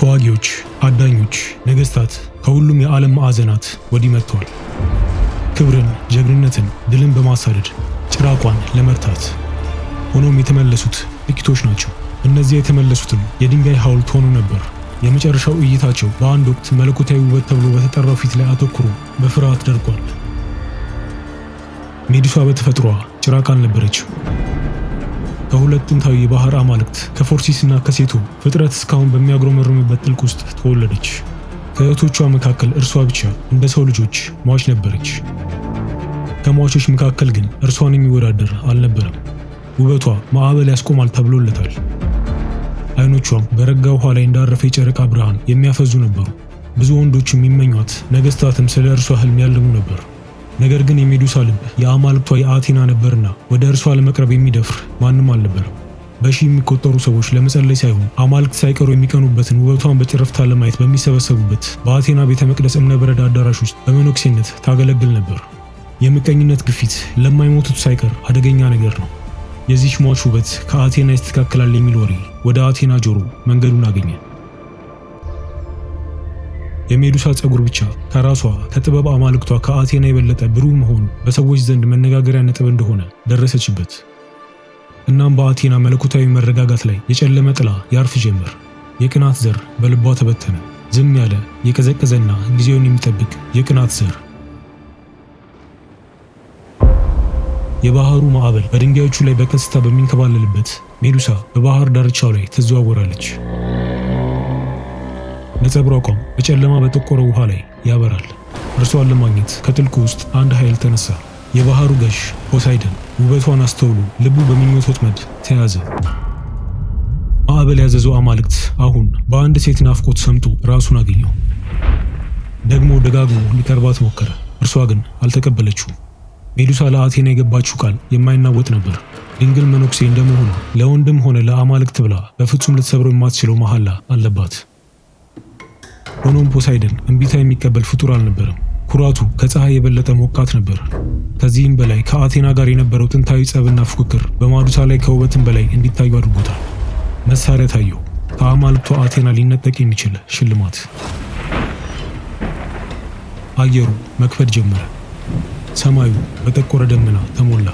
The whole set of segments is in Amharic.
ተዋጊዎች፣ አዳኞች፣ ነገስታት ከሁሉም የዓለም ማዕዘናት ወዲህ መጥተዋል። ክብርን፣ ጀግንነትን፣ ድልን በማሳደድ ጭራቋን ለመርታት ሆኖም የተመለሱት ጥቂቶች ናቸው። እነዚያ የተመለሱትም የድንጋይ ሐውልት ሆኖ ነበር። የመጨረሻው እይታቸው በአንድ ወቅት መለኮታዊ ውበት ተብሎ በተጠራው ፊት ላይ አተኩሮ በፍርሃት ደርቋል። ሜዲሷ በተፈጥሯ ጭራቃን ነበረችው። ከሁለት ጥንታዊ የባህር አማልክት እና ከሴቱ ፍጥረት እስካሁን በሚያጉረመርምበት ጥልቅ ውስጥ ተወለደች። ከእህቶቿ መካከል እርሷ ብቻ እንደ ሰው ልጆች ሟች ነበረች። ከሟቾች መካከል ግን እርሷን የሚወዳደር አልነበረም። ውበቷ ማዕበል ያስቆማል ተብሎለታል። አይኖቿም በረጋ ውኃ ላይ እንዳረፈ የጨረቃ ብርሃን የሚያፈዙ ነበሩ። ብዙ ወንዶች የሚመኟት ነገስታትም ስለ እርሷ ህልም ያልሙ ነበር። ነገር ግን የሜዱሳ ልብ የአማልክቷ የአቴና ነበርና ወደ እርሷ ለመቅረብ የሚደፍር ማንም አልነበረም። በሺ የሚቆጠሩ ሰዎች ለመጸለይ ሳይሆን አማልክት ሳይቀሩ የሚቀኑበትን ውበቷን በጭረፍታ ለማየት በሚሰበሰቡበት በአቴና ቤተ መቅደስ እምነበረድ አዳራሽ ውስጥ በመነኩሴነት ታገለግል ነበር። የምቀኝነት ግፊት ለማይሞቱት ሳይቀር አደገኛ ነገር ነው። የዚህች ሟች ውበት ከአቴና ይስተካከላል የሚል ወሬ ወደ አቴና ጆሮ መንገዱን አገኘ። የሜዱሳ ጸጉር ብቻ ከራሷ ከጥበብ አማልክቷ ከአቴና የበለጠ ብሩህ መሆኑ በሰዎች ዘንድ መነጋገሪያ ነጥብ እንደሆነ ደረሰችበት። እናም በአቴና መለኮታዊ መረጋጋት ላይ የጨለመ ጥላ ያርፍ ጀመር። የቅናት ዘር በልቧ ተበተነ። ዝም ያለ የቀዘቀዘና ጊዜውን የሚጠብቅ የቅናት ዘር። የባህሩ ማዕበል በድንጋዮቹ ላይ በቀስታ በሚንከባለልበት ሜዱሳ በባህር ዳርቻው ላይ ትዘዋወራለች። ነጸብራቋም በጨለማ በጠቆረ ውሃ ላይ ያበራል። እርሷን ለማግኘት ከጥልቁ ውስጥ አንድ ኃይል ተነሳ። የባህሩ ገዥ ፖሳይደን ውበቷን አስተውሎ ልቡ በምኞት ወጥመድ ተያዘ። ማዕበል ያዘዘው አማልክት አሁን በአንድ ሴት ናፍቆት ሰምጦ ራሱን አገኘው። ደግሞ ደጋግሞ ሊቀርባት ሞከረ። እርሷ ግን አልተቀበለችውም። ሜዱሳ ለአቴና የገባችው ቃል የማይናወጥ ነበር። ድንግል መነኩሴ እንደመሆኗ ለወንድም ሆነ ለአማልክት ብላ በፍጹም ልትሰብረው የማትችለው መሐላ አለባት። ሆኖም ፖሳይደን እምቢታ የሚቀበል ፍጡር አልነበረም። ኩራቱ ከፀሐይ የበለጠ ሞቃት ነበር። ከዚህም በላይ ከአቴና ጋር የነበረው ጥንታዊ ጸብና ፉክክር በማዱሳ ላይ ከውበትም በላይ እንዲታዩ አድርጎታል። መሳሪያ ታየው፣ ከአማልክቷ አቴና ሊነጠቅ የሚችል ሽልማት። አየሩ መክፈድ ጀመረ። ሰማዩ በጠቆረ ደመና ተሞላ።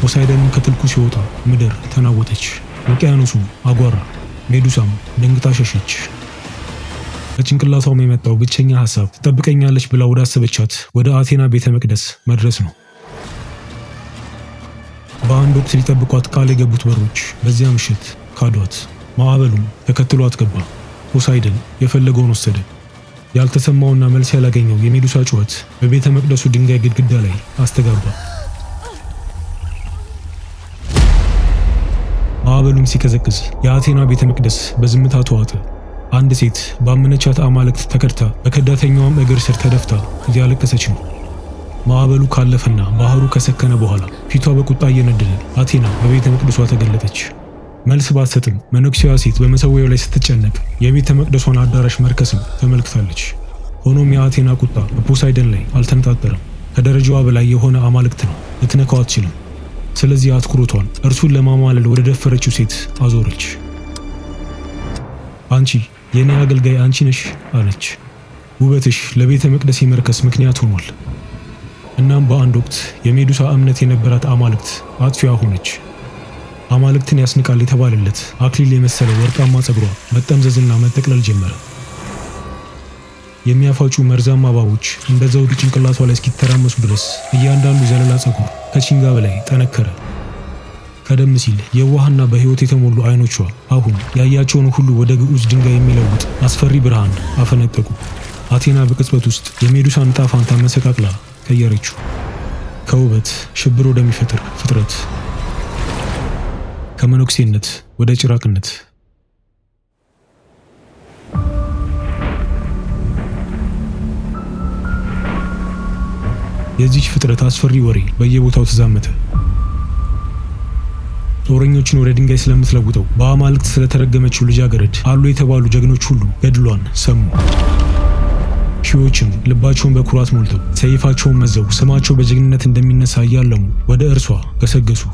ፖሳይደንም ከትልኩ ሲወጣ ምድር ተናወጠች፣ ውቅያኖሱ አጓራ፣ ሜዱሳም ደንግታ ሸሸች። ከጭንቅላቷም የመጣው ብቸኛ ሀሳብ ትጠብቀኛለች ብላ ወዳሰበቻት ወደ አቴና ቤተ መቅደስ መድረስ ነው። በአንድ ወቅት ሊጠብቋት ቃል የገቡት በሮች በዚያ ምሽት ካዷት። ማዕበሉም ተከትሏት ገባ። ፖሳይደን የፈለገውን ወሰደ። ያልተሰማውና መልስ ያላገኘው የሜዱሳ ጩኸት በቤተ መቅደሱ ድንጋይ ግድግዳ ላይ አስተጋባ። ማዕበሉም ሲቀዘቅዝ የአቴና ቤተ መቅደስ በዝምታ ተዋጠ። አንድ ሴት ባመነቻት አማልክት ተከድታ በከዳተኛውም እግር ስር ተደፍታ እያለቀሰች ነው። ማዕበሉ ካለፈና ባህሩ ከሰከነ በኋላ ፊቷ በቁጣ እየነደደ አቴና በቤተ መቅደሷ ተገለጠች። መልስ ባትሰጥም መነኩሴዋ ሴት በመሰዊያው ላይ ስትጨነቅ የቤተ መቅደሷን አዳራሽ መርከስም ተመልክታለች። ሆኖም የአቴና ቁጣ በፖሳይደን ላይ አልተነጣጠረም። ከደረጃዋ በላይ የሆነ አማልክት ነው፣ ልትነካው አትችልም። ስለዚህ አትኩሮቷን እርሱን ለማማለል ወደ ደፈረችው ሴት አዞረች። አንቺ የእኔ አገልጋይ አንቺ ነሽ አለች። ውበትሽ ለቤተ መቅደስ መርከስ ምክንያት ሆኗል። እናም በአንድ ወቅት የሜዱሳ እምነት የነበራት አማልክት አጥፊያ ሆነች። አማልክትን ያስንቃል የተባለለት አክሊል የመሰለ ወርቃማ ጸጉሯ መጠምዘዝና መጠቅለል ጀመረ። የሚያፋጩ መርዛማ እባቦች እንደ ዘውድ ጭንቅላቷ ላይ እስኪተራመሱ ድረስ እያንዳንዱ ዘለላ ጸጉር ከቺንጋ በላይ ጠነከረ። ቀደም ሲል የዋህና በህይወት የተሞሉ አይኖቿ አሁን ያያቸውን ሁሉ ወደ ግዑዝ ድንጋይ የሚለውጥ አስፈሪ ብርሃን አፈነጠቁ። አቴና በቅጽበት ውስጥ የሜዱሳን ዕጣ ፋንታ መሰቃቅላ ቀየረችው፣ ከውበት ሽብር ወደሚፈጥር ፍጥረት፣ ከመነኩሴነት ወደ ጭራቅነት። የዚች ፍጥረት አስፈሪ ወሬ በየቦታው ተዛመተ። ጦረኞችን ወደ ድንጋይ ስለምትለውጠው በአማልክት ስለተረገመችው ልጃገረድ አሉ የተባሉ ጀግኖች ሁሉ ገድሏን ሰሙ። ሺዎችም ልባቸውን በኩራት ሞልተው ሰይፋቸውን መዘው ስማቸው በጀግንነት እንደሚነሳ እያለሙ ወደ እርሷ ገሰገሱ።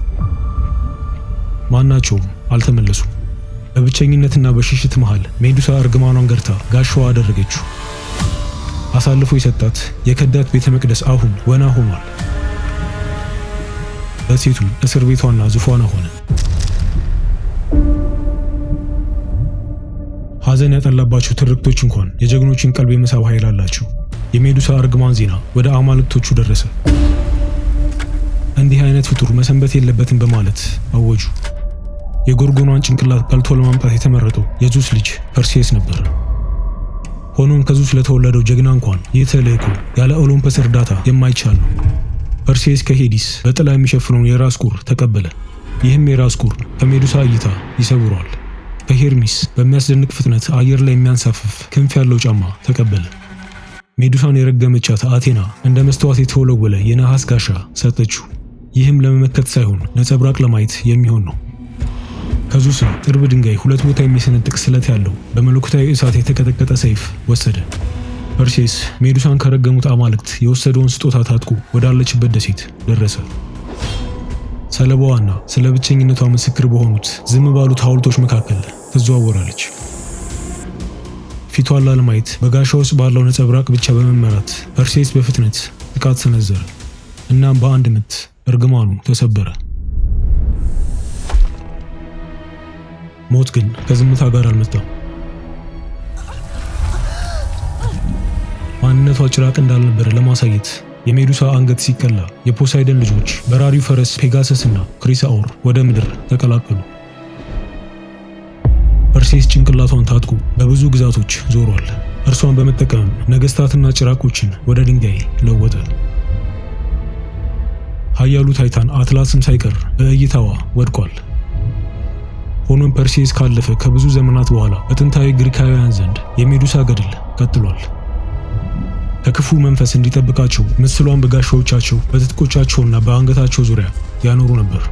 ማናቸውም አልተመለሱም። በብቸኝነትና በሽሽት መሃል ሜዱሳ እርግማኗን ገርታ ጋሻዋ አደረገችው። አሳልፎ የሰጣት የከዳት ቤተ መቅደስ አሁን ወና ሆኗል። ደሴቱም እስር ቤቷና ዙፋኗ ሆነ። ሐዘን ያጠላባቸው ትርክቶች እንኳን የጀግኖችን ቀልብ የመሳብ ኃይል አላቸው። የሜዱሳ እርግማን ዜና ወደ አማልክቶቹ ደረሰ። እንዲህ አይነት ፍጡር መሰንበት የለበትም በማለት አወጁ። የጎርጎኗን ጭንቅላት ቀልቶ ለማምጣት የተመረጠው የዙስ ልጅ ፐርሴስ ነበር። ሆኖም ከዙስ ለተወለደው ጀግና እንኳን ይህ ተልዕኮ ያለ ኦሎምፐስ እርዳታ የማይቻል ነው። ፐርሴስ ከሄዲስ በጥላ የሚሸፍነውን የራስ ቁር ተቀበለ። ይህም የራስ ቁር ከሜዱሳ እይታ ይሰውረዋል። ከሄርሚስ በሚያስደንቅ ፍጥነት አየር ላይ የሚያንሳፍፍ ክንፍ ያለው ጫማ ተቀበለ። ሜዱሳን የረገመቻት አቴና እንደ መስተዋት የተወለወለ የነሐስ ጋሻ ሰጠችው። ይህም ለመመከት ሳይሆን ነጸብራቅ ለማየት የሚሆን ነው። ከዙስም ጥርብ ድንጋይ ሁለት ቦታ የሚሰነጥቅ ስለት ያለው በመለኮታዊ እሳት የተቀጠቀጠ ሰይፍ ወሰደ። ፐርሴስ ሜዱሳን ከረገሙት አማልክት የወሰደውን ስጦታ ታጥቆ ወዳለችበት ደሴት ደረሰ። ሰለባዋና ስለ ብቸኝነቷ ምስክር በሆኑት ዝም ባሉት ሐውልቶች መካከል ትዘዋወራለች። ፊቷን ላለማየት በጋሻ ውስጥ ባለው ነጸብራቅ ብቻ በመመራት ፐርሴስ በፍጥነት ጥቃት ሰነዘረ። እናም በአንድ ምት እርግማኑ ተሰበረ። ሞት ግን ከዝምታ ጋር አልመጣም። ከጥፋት ጭራቅ እንዳልነበረ ለማሳየት የሜዱሳ አንገት ሲቀላ የፖሳይደን ልጆች በራሪው ፈረስ ፔጋሰስና ክሪሳኦር ወደ ምድር ተቀላቀሉ። ፐርሴስ ጭንቅላቷን ታጥቁ በብዙ ግዛቶች ዞሯል። እርሷን በመጠቀም ነገስታትና ጭራቆችን ወደ ድንጋይ ለወጠ። ኃያሉ ታይታን አትላስም ሳይቀር በእይታዋ ወድቋል። ሆኖም ፐርሴስ ካለፈ ከብዙ ዘመናት በኋላ በጥንታዊ ግሪካውያን ዘንድ የሜዱሳ ገድል ቀጥሏል። ከክፉ መንፈስ እንዲጠብቃቸው ምስሏን በጋሻዎቻቸው በትጥቆቻቸውና በአንገታቸው ዙሪያ ያኖሩ ነበር።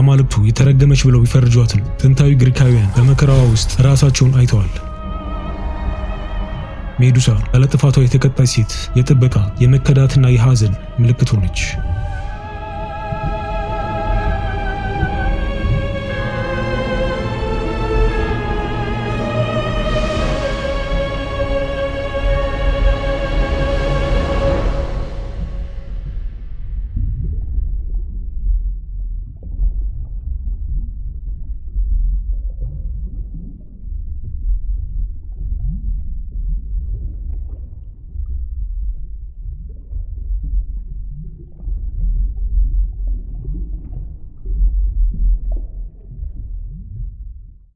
አማልክቱ የተረገመች ብለው ይፈርጇትን ጥንታዊ ግሪካውያን በመከራዋ ውስጥ ራሳቸውን አይተዋል። ሜዱሳ ያለ የተቀጣች ሴት የጥበቃ የመከዳትና የሐዘን ምልክት ሆነች።